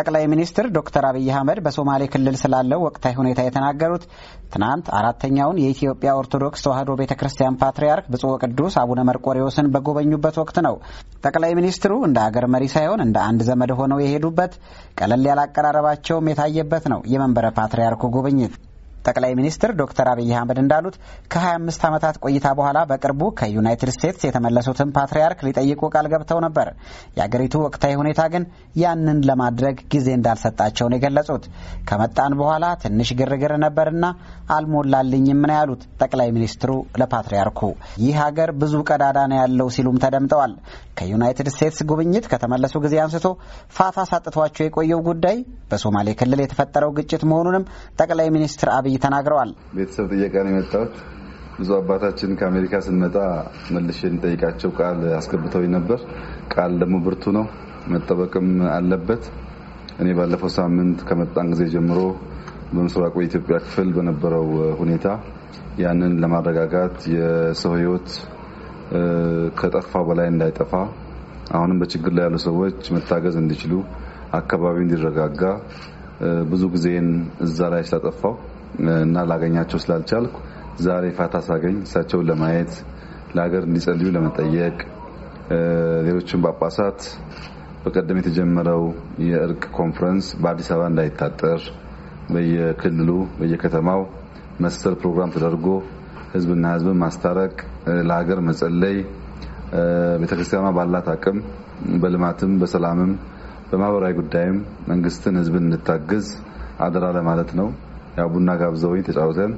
ጠቅላይ ሚኒስትር ዶክተር አብይ አህመድ በሶማሌ ክልል ስላለው ወቅታዊ ሁኔታ የተናገሩት ትናንት አራተኛውን የኢትዮጵያ ኦርቶዶክስ ተዋሕዶ ቤተ ክርስቲያን ፓትርያርክ ብፁዕ ወቅዱስ አቡነ መርቆሬዎስን በጎበኙበት ወቅት ነው። ጠቅላይ ሚኒስትሩ እንደ አገር መሪ ሳይሆን እንደ አንድ ዘመድ ሆነው የሄዱበት ቀለል ያለ አቀራረባቸውም የታየበት ነው የመንበረ ፓትርያርኩ ጉብኝት። ጠቅላይ ሚኒስትር ዶክተር አብይ አህመድ እንዳሉት ከ25 ዓመታት ቆይታ በኋላ በቅርቡ ከዩናይትድ ስቴትስ የተመለሱትን ፓትርያርክ ሊጠይቁ ቃል ገብተው ነበር። የአገሪቱ ወቅታዊ ሁኔታ ግን ያንን ለማድረግ ጊዜ እንዳልሰጣቸው ነው የገለጹት። ከመጣን በኋላ ትንሽ ግርግር ነበርና አልሞላልኝም ነው ያሉት ጠቅላይ ሚኒስትሩ ለፓትርያርኩ። ይህ ሀገር ብዙ ቀዳዳ ነው ያለው ሲሉም ተደምጠዋል። ከዩናይትድ ስቴትስ ጉብኝት ከተመለሱ ጊዜ አንስቶ ፋታ ሳጥቷቸው የቆየው ጉዳይ በሶማሌ ክልል የተፈጠረው ግጭት መሆኑንም ጠቅላይ ሚኒስትር አብይ አብይ ተናግረዋል። ቤተሰብ ጥየቃ ነው የመጣሁት። ብዙ አባታችን ከአሜሪካ ስንመጣ መልሼ እንጠይቃቸው ቃል አስገብተው ነበር። ቃል ደግሞ ብርቱ ነው፣ መጠበቅም አለበት። እኔ ባለፈው ሳምንት ከመጣን ጊዜ ጀምሮ በምስራቁ የኢትዮጵያ ክፍል በነበረው ሁኔታ ያንን ለማረጋጋት የሰው ሕይወት ከጠፋ በላይ እንዳይጠፋ አሁንም በችግር ላይ ያሉ ሰዎች መታገዝ እንዲችሉ አካባቢ እንዲረጋጋ ብዙ ጊዜን እዛ ላይ ስላጠፋው እና ላገኛቸው ስላልቻልኩ ዛሬ ፋታ ሳገኝ እሳቸውን ለማየት ለሀገር እንዲጸልዩ ለመጠየቅ ሌሎችን ጳጳሳት በቀደም የተጀመረው የእርቅ ኮንፈረንስ በአዲስ አበባ እንዳይታጠር በየክልሉ በየከተማው መሰል ፕሮግራም ተደርጎ ህዝብና ህዝብን ማስታረቅ ለሀገር መጸለይ ቤተክርስቲያኗ ባላት አቅም በልማትም በሰላምም በማህበራዊ ጉዳይም መንግስትን ህዝብን እንታግዝ አደራ ለማለት ነው። ናብ ቡና ጋብዘውኝ ተጫወተን